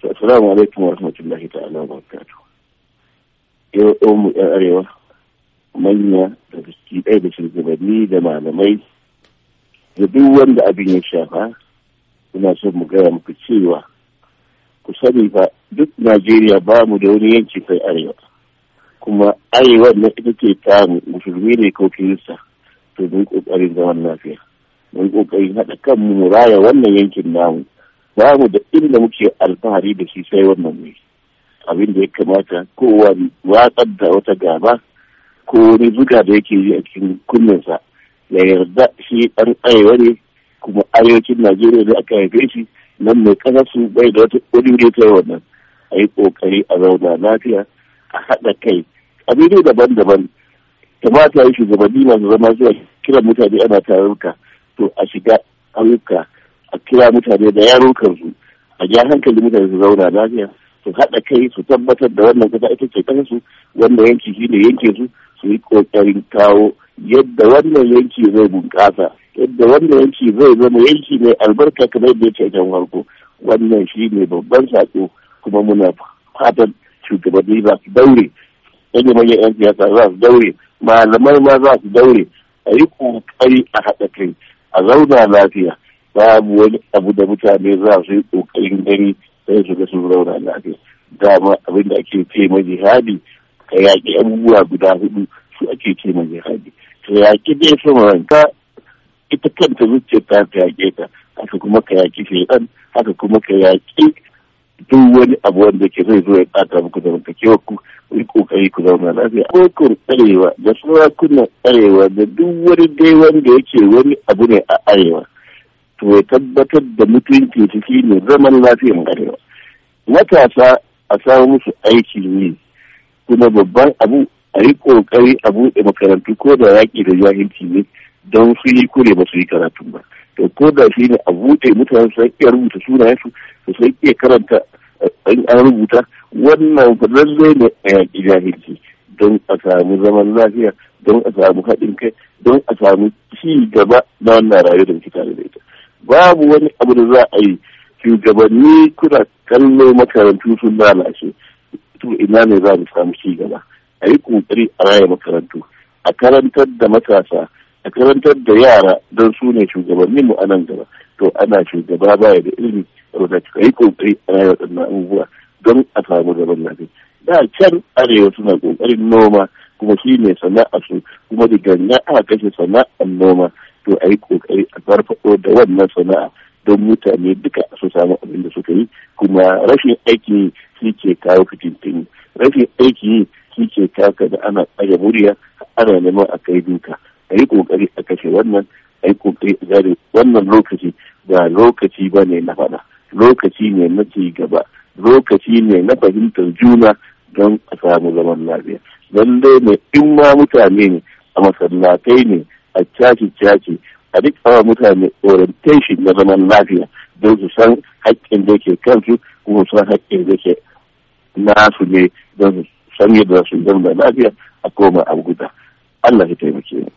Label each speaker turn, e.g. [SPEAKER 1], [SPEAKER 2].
[SPEAKER 1] Assalamu alaikum wa rahmatullahi ta'ala wa Yau ɗan mu ‘yan arewa, manya da biski ɗaya da shugabanni da malamai da duk wanda abin ya shafa, ina son mu gaya muku cewa ku sani ba duk Najeriya ba mu da wani yanki kai arewa. Kuma arewa na ita ce tamu musulmi ne ko kirista to mun ƙoƙarin zaman lafiya. Mun ƙoƙarin haɗa kanmu mu raya wannan yankin namu. ba mu da inda muke alfahari da shi sai wannan ne abin da ya kamata kowa watsar da wata gaba ko wani zuga da yake yi a cikin kunninsa ya yarda shi ɗan arewa ne kuma arewacin najeriya da aka haife shi nan mai kasar su bai da wata wani wuri ta wannan a yi ƙoƙari a zauna lafiya a haɗa kai abin daban-daban kamata yi shugabanni masu zama zuwa kiran mutane ana tarurruka to a shiga ayyuka kira mutane da yaron su a ja hankali mutane su zauna lafiya su haɗa kai su tabbatar da wannan kasa ita ce kansu wanda yanki shi ne yanke su su yi ƙoƙarin kawo yadda wannan yanki zai bunƙasa yadda wannan yanki zai zama yanki mai albarka kamar yadda ya ce can farko wannan shi ne babban saƙo kuma muna fatan shugabanni za su daure yanke manyan yan siyasa za su daure malamai ma za su daure a yi ƙoƙari a haɗa kai a zauna lafiya babu wani abu da mutane za su yi ƙoƙarin gani sai su ga sun zauna lafiya dama abin ake ce ma jihadi ka yaƙi abubuwa guda hudu su ake ce ma jihadi ka yaƙi dai sama ranka ita kanta zuciyar ta ta yaƙe ta haka kuma ka yaƙi shaidan haka kuma ka yaƙi duk wani abu wanda ke zai zo ya tsaka muku da kewa ku yi kokari ku zauna lafiya kokar arewa da sarakunan arewa da duk wani dai wanda yake wani abu ne a arewa to ya tabbatar da mutunci ciki ne zaman lafiyan garewa matasa a samu musu aiki ne kuma babban abu a yi kokari a buɗe makarantu ko da yaƙi da jahilci ne don su yi kure ba su yi karatu ba to ko da shi ne a buɗe mutane su iya rubuta sunayensu su sai iya karanta eh, an rubuta wannan lallai ne a yaƙi jahilci don a samu zaman lafiya don a samu haɗin kai don a samu ci gaba na wannan rayuwar da muke tare babu wani abu da za a yi shugabanni kuna kallo makarantu sun lalace to ina ne za mu samu ci gaba a yi kokari a raya makarantu a karantar da matasa a karantar da yara don su ne shugabanni mu anan gaba to ana shugaba baya da ilimi da ka yi kokari a raya waɗannan abubuwa don a samu zaman lafiya da can arewa suna kokarin noma kuma shi ne sana'a su kuma da ganga aka kashe sana'ar noma to a yi kokari a farfaɗo da wannan sana'a don mutane duka su samu abin da suka yi kuma rashin aiki shi ke kawo fitintin rashin aiki shi ke kawo da ana tsaye murya ana neman a kai duka a yi kokari a kashe wannan a yi kokari a gare wannan lokaci ba lokaci ba ne na fada lokaci ne na ci gaba lokaci ne na fahimtar juna don a samu zaman lafiya lallai ne in ma mutane ne a masallatai ne a caci caci a duk awa mutane orientation na zaman lafiya don su san haƙƙin da ke kansu kuma san haƙƙin da ke nasu ne don su san yadda su zama lafiya a koma a guda Allah ya taimake mu